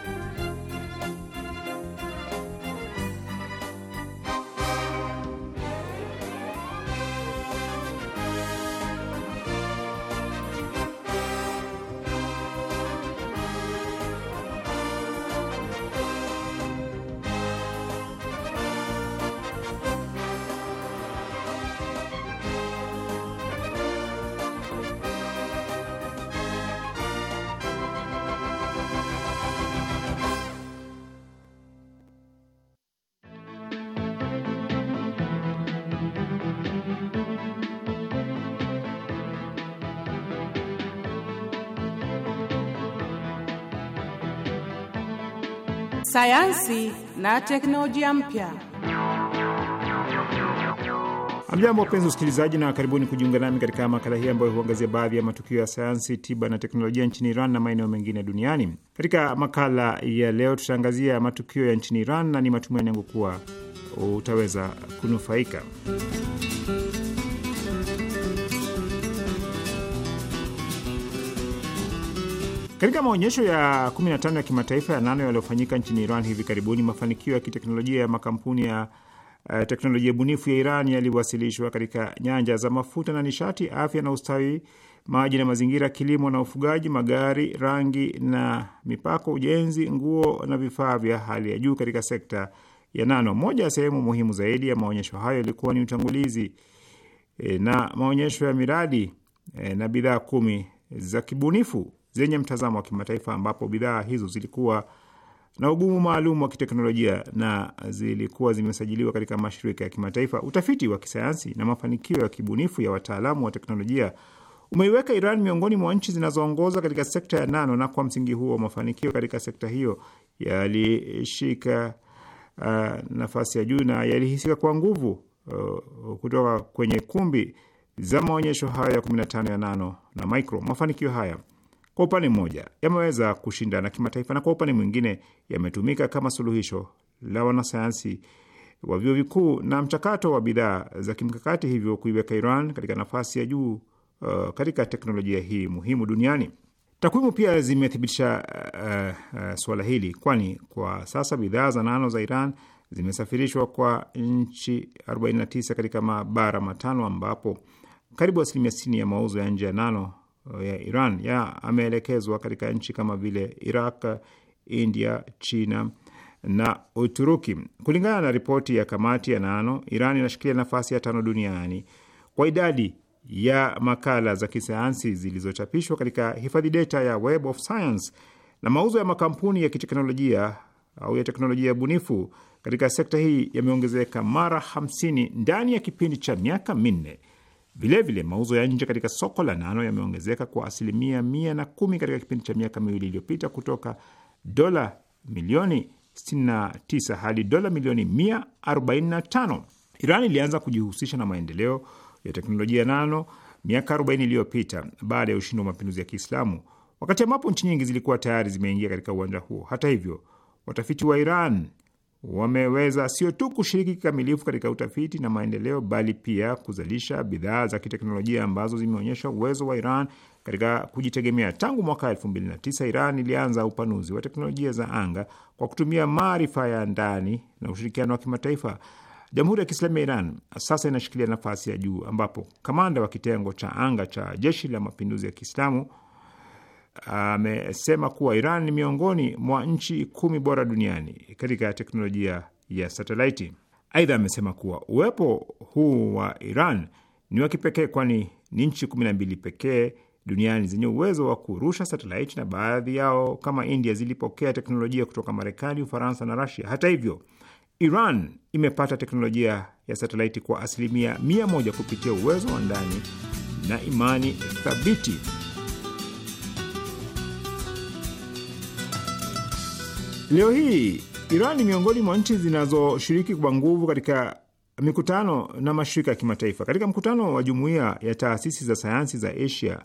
sayansi na teknolojia mpya. Amjambo, wapenzi usikilizaji, na karibuni kujiunga nami katika makala hii ambayo huangazia baadhi ya matukio ya sayansi, tiba na teknolojia nchini Iran na maeneo mengine duniani. Katika makala ya leo, tutaangazia matukio ya nchini Iran na ni matumaini yangu kuwa utaweza kunufaika. Katika maonyesho ya 15 ya kimataifa ya nano yaliyofanyika nchini Iran hivi karibuni, mafanikio ya kiteknolojia ya makampuni ya uh, teknolojia bunifu ya Iran yaliwasilishwa katika nyanja za mafuta na nishati, afya na ustawi, maji na mazingira, kilimo na ufugaji, magari, rangi na mipako, ujenzi, nguo na vifaa vya hali ya juu katika sekta ya nano. Moja ya sehemu muhimu zaidi ya maonyesho hayo ilikuwa ni utangulizi e, na maonyesho ya miradi e, na bidhaa kumi za kibunifu zenye mtazamo wa kimataifa ambapo bidhaa hizo zilikuwa na ugumu maalum wa kiteknolojia na zilikuwa zimesajiliwa katika mashirika ya kimataifa. Utafiti wa kisayansi na mafanikio ya kibunifu ya wataalamu wa teknolojia umeiweka Iran miongoni mwa nchi zinazoongoza katika sekta ya nano, na kwa msingi huo mafanikio katika sekta hiyo yalishika uh, nafasi ya juu na yalihisika kwa nguvu uh, kutoka kwenye kumbi za maonyesho hayo ya 15 ya nano na micro. Mafanikio haya kwa upande mmoja yameweza kushindana kimataifa na kwa upande mwingine yametumika kama suluhisho la wanasayansi wa vyuo vikuu na mchakato wa bidhaa za kimkakati, hivyo kuiweka Iran katika nafasi ya juu uh, katika teknolojia hii muhimu duniani. Takwimu pia zimethibitisha uh, uh, suala hili, kwani kwa sasa bidhaa za nano za Iran zimesafirishwa kwa nchi 49 katika mabara matano ambapo karibu asilimia 60 ya mauzo ya nje ya nano Uh, ya Iran ameelekezwa katika nchi kama vile Iraq, India, China na Uturuki. Kulingana na ripoti ya kamati ya Nano, Iran inashikilia nafasi ya tano duniani kwa idadi ya makala za kisayansi zilizochapishwa katika hifadhi data ya Web of Science na mauzo ya makampuni ya kiteknolojia au ya teknolojia bunifu katika sekta hii yameongezeka mara 50 ndani ya kipindi cha miaka minne. Vilevile, mauzo ya nje katika soko la nano yameongezeka kwa asilimia mia na kumi katika kipindi cha miaka miwili iliyopita kutoka dola milioni 69 hadi dola milioni 145. Iran ilianza kujihusisha na maendeleo ya teknolojia nano miaka 40 iliyopita baada ya ushindi wa mapinduzi ya Kiislamu, wakati ambapo nchi nyingi zilikuwa tayari zimeingia katika uwanja huo. Hata hivyo, watafiti wa Iran wameweza sio tu kushiriki kikamilifu katika utafiti na maendeleo, bali pia kuzalisha bidhaa za kiteknolojia ambazo zimeonyesha uwezo wa Iran katika kujitegemea. Tangu mwaka 2009 Iran ilianza upanuzi wa teknolojia za anga kwa kutumia maarifa ya ndani na ushirikiano wa kimataifa. Jamhuri ya Kiislamu ya Iran sasa inashikilia nafasi ya juu ambapo kamanda wa kitengo cha anga cha jeshi la mapinduzi ya Kiislamu amesema kuwa Iran ni miongoni mwa nchi kumi bora duniani katika teknolojia ya satelaiti. Aidha, amesema kuwa uwepo huu wa Iran ni wa kipekee, kwani ni nchi kumi na mbili pekee duniani zenye uwezo wa kurusha satelaiti, na baadhi yao kama India zilipokea teknolojia kutoka Marekani, Ufaransa na Rasia. Hata hivyo, Iran imepata teknolojia ya satelaiti kwa asilimia mia moja kupitia uwezo wa ndani na imani thabiti. Leo hii Iran ni miongoni mwa nchi zinazoshiriki kwa nguvu katika mikutano na mashirika ya kimataifa. Katika mkutano wa Jumuiya ya Taasisi za Sayansi za Asia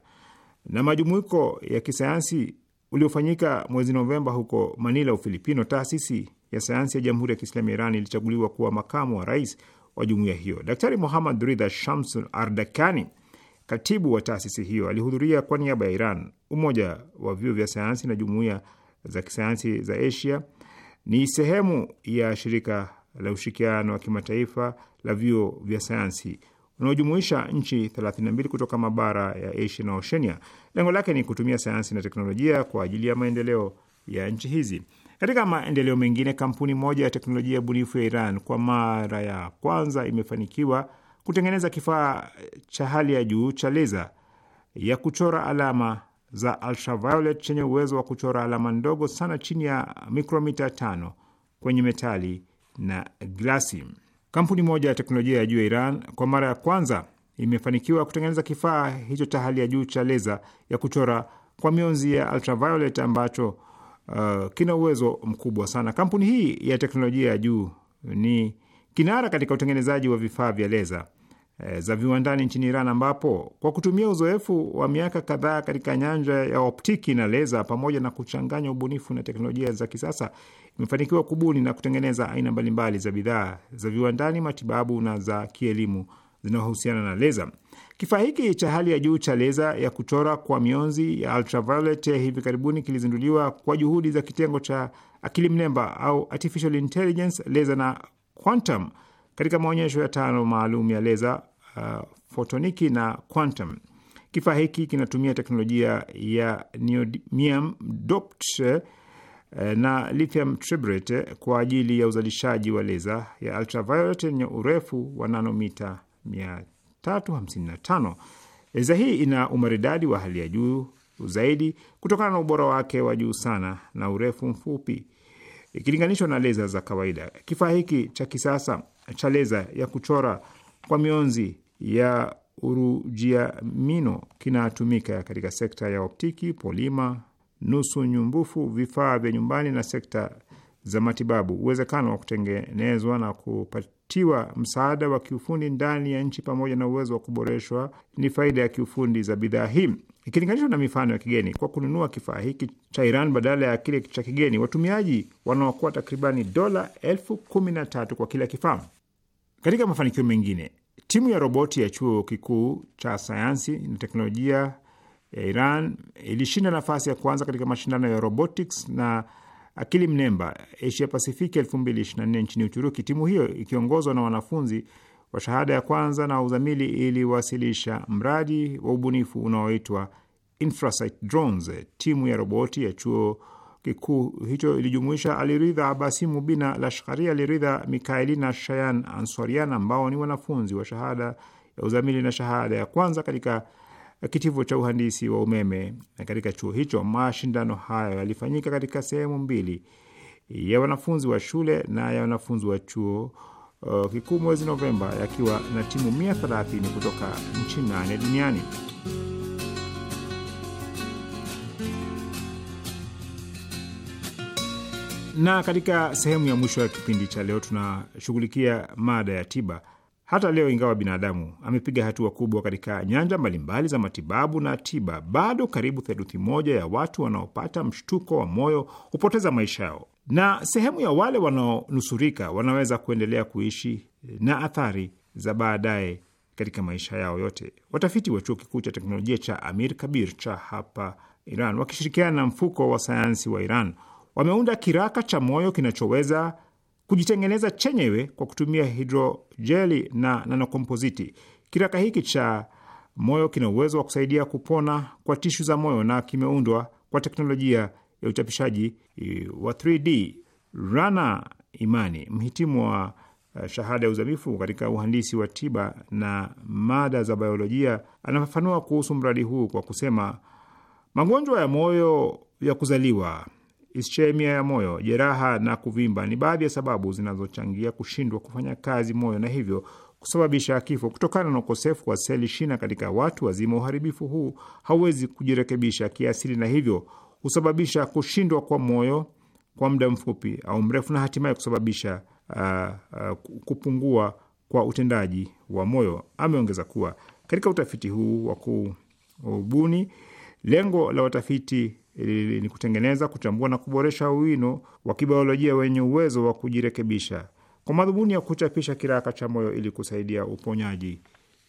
na majumuiko ya kisayansi uliofanyika mwezi Novemba huko Manila, Ufilipino, taasisi ya sayansi ya Jamhuri ya Kiislamu ya Iran ilichaguliwa kuwa makamu wa rais wa jumuiya hiyo. Daktari Muhammad Ridha Shamsun Ardakani, katibu wa taasisi hiyo, alihudhuria kwa niaba ya Iran. Umoja wa vyuo vya sayansi na jumuiya za kisayansi za Asia ni sehemu ya shirika la ushirikiano wa kimataifa la vyuo vya sayansi unaojumuisha nchi 32 kutoka mabara ya Asia na Oceania. Lengo lake ni kutumia sayansi na teknolojia kwa ajili ya maendeleo ya nchi hizi. Katika maendeleo mengine, kampuni moja ya teknolojia bunifu ya Iran kwa mara ya kwanza imefanikiwa kutengeneza kifaa cha hali ya juu cha leza ya kuchora alama za ultraviolet chenye uwezo wa kuchora alama ndogo sana chini ya mikromita tano kwenye metali na glasi. Kampuni moja ya teknolojia ya juu ya Iran kwa mara ya kwanza imefanikiwa kutengeneza kifaa hicho cha hali ya juu cha leza ya kuchora kwa mionzi ya ultraviolet ambacho uh, kina uwezo mkubwa sana. Kampuni hii ya teknolojia ya juu ni kinara katika utengenezaji wa vifaa vya leza. Eh, za viwandani nchini Iran, ambapo kwa kutumia uzoefu wa miaka kadhaa katika nyanja ya optiki na leza pamoja na kuchanganya ubunifu na teknolojia za kisasa imefanikiwa kubuni na kutengeneza aina mbalimbali za bidhaa za viwandani, matibabu na za kielimu zinazohusiana na leza. Kifaa hiki cha hali ya juu cha leza ya kuchora kwa mionzi ya ultraviolet hivi karibuni kilizinduliwa kwa juhudi za kitengo cha akili mnemba au artificial intelligence, leza na quantum katika maonyesho ya tano maalum ya leza uh, fotoniki na quantum. Kifaa hiki kinatumia teknolojia ya neodymium doped uh, na lithium tribrate kwa ajili ya uzalishaji wa leza ya ultraviolet yenye urefu wa nanomita 355. Leza hii ina umaridadi wa hali ya juu zaidi kutokana na ubora wake wa juu sana na urefu mfupi ikilinganishwa na leza za kawaida. Kifaa hiki cha kisasa chaleza ya kuchora kwa mionzi ya urujiamino kinatumika katika sekta ya optiki, polima, nusu nyumbufu, vifaa vya nyumbani na sekta za matibabu. Uwezekano wa kutengenezwa na kupatiwa msaada wa kiufundi ndani ya nchi pamoja na uwezo wa kuboreshwa ni faida ya kiufundi za bidhaa hii. Ikilinganishwa na mifano ya kigeni, kwa kununua kifaa hiki cha Iran badala ya kile cha kigeni, watumiaji wanaokoa takribani dola elfu kumi na tatu kwa kila kifaa. Katika mafanikio mengine, timu ya roboti ya chuo kikuu cha sayansi na teknolojia ya Iran ilishinda nafasi ya kwanza katika mashindano ya robotics na akili mnemba Asia Pacific 2024 nchini Uturuki. Timu hiyo ikiongozwa na wanafunzi kwa shahada ya kwanza na uzamili iliwasilisha mradi wa ubunifu unaoitwa Infrasight Drones. Timu ya roboti ya chuo kikuu hicho ilijumuisha Aliridha Abasi Mubina Lashkari, Aliridha Mikaeli na Shayan Answarian ambao ni wanafunzi wa shahada ya uzamili na shahada ya kwanza katika kitivo cha uhandisi wa umeme na katika chuo hicho. Mashindano hayo yalifanyika katika sehemu mbili, ya wanafunzi wa shule na ya wanafunzi wa chuo Uh, kikuu mwezi Novemba yakiwa na timu 130 kutoka nchi nane duniani. Na katika sehemu ya mwisho ya kipindi cha leo tunashughulikia mada ya tiba. Hata leo, ingawa binadamu amepiga hatua kubwa katika nyanja mbalimbali za matibabu na tiba, bado karibu theluthi moja ya watu wanaopata mshtuko wa moyo hupoteza maisha yao na sehemu ya wale wanaonusurika wanaweza kuendelea kuishi na athari za baadaye katika maisha yao yote. Watafiti wa chuo kikuu cha teknolojia cha Amir Kabir cha hapa Iran wakishirikiana na mfuko wa sayansi wa Iran wameunda kiraka cha moyo kinachoweza kujitengeneza chenyewe kwa kutumia hidrojeli na nanokompositi. Kiraka hiki cha moyo kina uwezo wa kusaidia kupona kwa tishu za moyo na kimeundwa kwa teknolojia ya uchapishaji e, wa 3D. Rana Imani, mhitimu wa e, shahada ya uzamifu katika uhandisi wa tiba na mada za biolojia, anafafanua kuhusu mradi huu kwa kusema, magonjwa ya moyo ya kuzaliwa, ischemia ya moyo, jeraha na kuvimba ni baadhi ya sababu zinazochangia kushindwa kufanya kazi moyo na hivyo kusababisha kifo. Kutokana na ukosefu wa seli shina katika watu wazima, uharibifu huu hauwezi kujirekebisha kiasili na hivyo husababisha kushindwa kwa moyo kwa muda mfupi au mrefu na hatimaye kusababisha uh, uh, kupungua kwa utendaji wa moyo. Ameongeza kuwa katika utafiti huu wa kubuni, lengo la watafiti ni kutengeneza, kuchambua na kuboresha wino wa kibiolojia wenye uwezo wa kujirekebisha kwa madhumuni ya kuchapisha kiraka cha moyo ili kusaidia uponyaji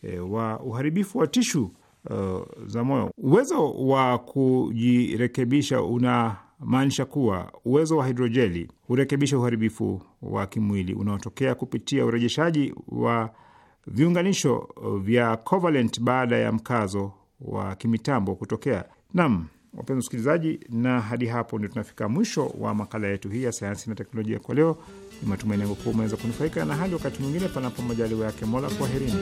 e, wa uharibifu wa tishu uh, za moyo. Uwezo wa kujirekebisha unamaanisha kuwa uwezo wa hidrojeli hurekebisha uharibifu wa kimwili unaotokea kupitia urejeshaji wa viunganisho vya covalent baada ya mkazo wa kimitambo kutokea. Naam, wapenzi wasikilizaji, na hadi hapo ndio tunafika mwisho wa makala yetu hii ya sayansi na teknolojia kwa leo. Ni matumaini yangu kuwa umeweza kunufaika, na hadi wakati mwingine, panapo majaliwa yake Mola, kwaherini.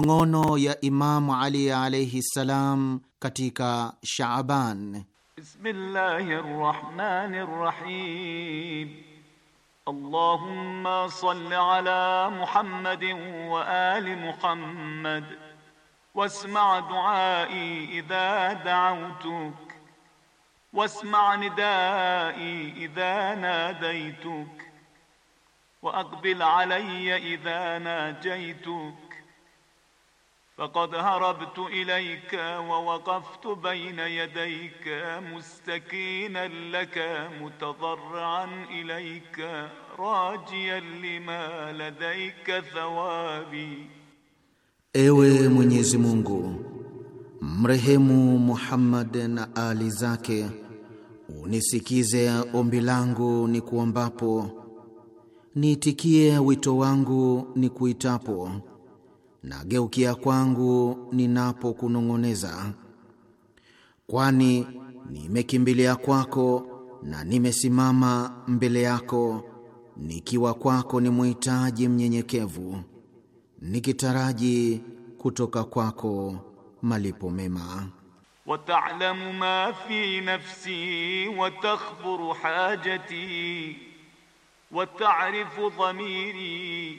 minong'ono ya Imamu Ali alaihi ssalam katika Shaaban. Bismillahir Rahmanir rahim. Allahumma salli ala Muhammadin wa ali Muhammad wasma duai idha dautuk wasma nidai idha nadaituk wa aqbil alayya idha najaituk fakad harabtu ilaika wa waqaftu baina yadaika mustakinan laka mutadharan ilaika rajian lima ladaika thawabi, Ewe Mwenyezi Mungu, mrehemu Muhammad na ali zake, unisikize ombi langu ni kuombapo, niitikie wito wangu ni kuitapo na geukia kwangu ninapokunong'oneza, kwani nimekimbilia kwako na nimesimama mbele yako nikiwa kwako ni mhitaji mnyenyekevu, nikitaraji kutoka kwako malipo mema. wataalamu ma fi nafsi wa hajati wa ta'rifu dhamiri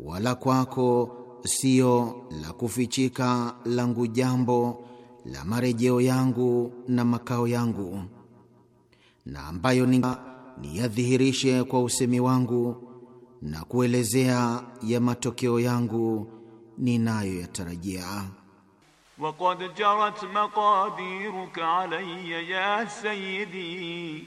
wala kwako sio la kufichika langu jambo la marejeo yangu na makao yangu, na ambayo niyadhihirishe kwa usemi wangu na kuelezea ya matokeo yangu ninayoyatarajia. Waqad jarat maqadiruka alayya ya sayyidi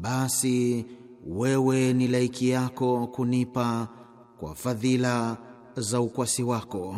basi wewe ni laiki yako kunipa kwa fadhila za ukwasi wako.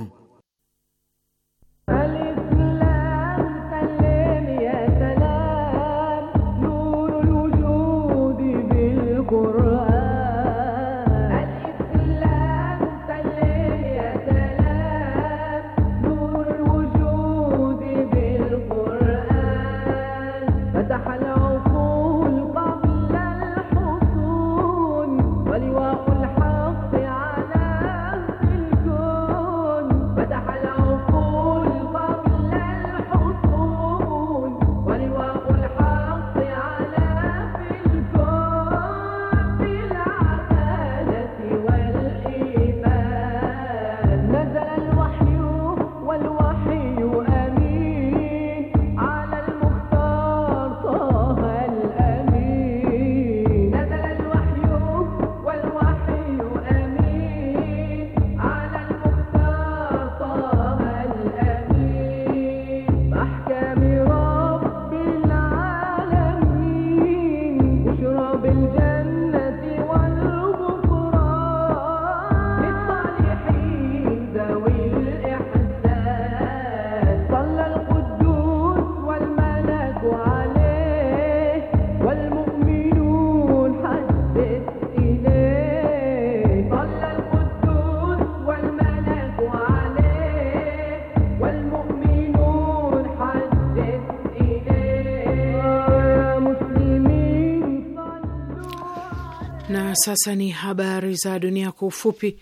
sasa ni habari za dunia kwa ufupi.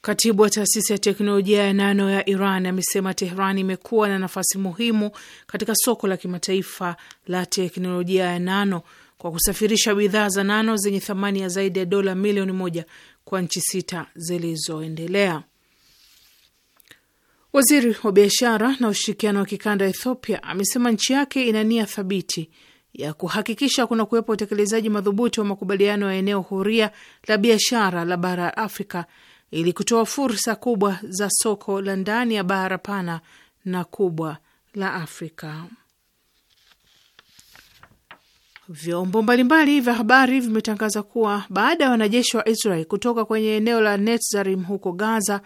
Katibu wa taasisi ya teknolojia ya nano ya Iran amesema Tehran imekuwa na nafasi muhimu katika soko la kimataifa la teknolojia ya nano kwa kusafirisha bidhaa za nano zenye thamani ya zaidi ya dola milioni moja kwa nchi sita zilizoendelea. Waziri wa biashara na ushirikiano wa kikanda Ethiopia amesema nchi yake ina nia thabiti ya kuhakikisha kuna kuwepo utekelezaji madhubuti wa makubaliano ya eneo huria la biashara la bara ya Afrika ili kutoa fursa kubwa za soko la ndani ya bara pana na kubwa la Afrika. Vyombo mbalimbali vya habari vimetangaza kuwa baada ya wanajeshi wa Israel kutoka kwenye eneo la Netzarim huko Gaza,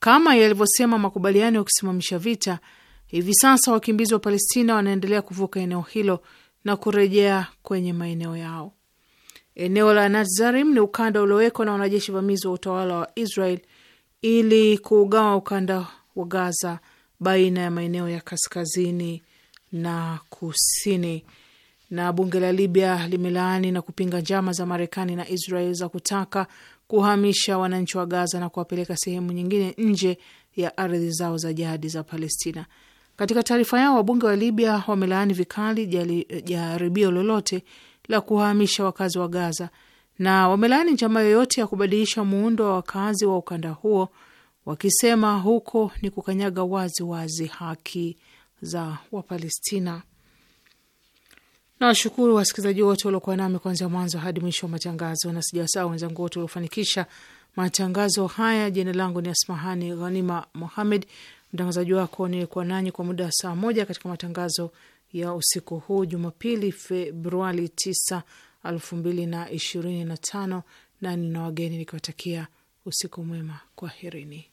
kama yalivyosema makubaliano ya kusimamisha vita, hivi sasa wakimbizi wa Palestina wanaendelea kuvuka eneo hilo na kurejea kwenye maeneo yao. Eneo la Nazarim ni ukanda uliowekwa na wanajeshi vamizi wa utawala wa Israel ili kuugawa ukanda wa Gaza baina ya maeneo ya kaskazini na kusini. Na bunge la Libya limelaani na kupinga njama za Marekani na Israel za kutaka kuhamisha wananchi wa Gaza na kuwapeleka sehemu nyingine nje ya ardhi zao za jadi za Palestina. Katika taarifa yao, wabunge wa Libya wamelaani vikali jaribio lolote la kuwahamisha wakazi wa Gaza na wamelaani njama yoyote ya kubadilisha muundo wa wakazi wa ukanda huo, wakisema huko ni kukanyaga wazi wazi haki za Wapalestina. Nawashukuru wasikilizaji wote waliokuwa nami kuanzia mwanzo hadi mwisho wa matangazo, na sijawasahau wenzangu wote waliofanikisha matangazo haya. Jina langu ni Asmahani Ghanima Mohamed. Mtangazaji wako nilikuwa nanyi kwa muda wa saa moja katika matangazo ya usiku huu Jumapili, Februari 9, 2025 na nina wageni nikiwatakia usiku mwema, kwaherini.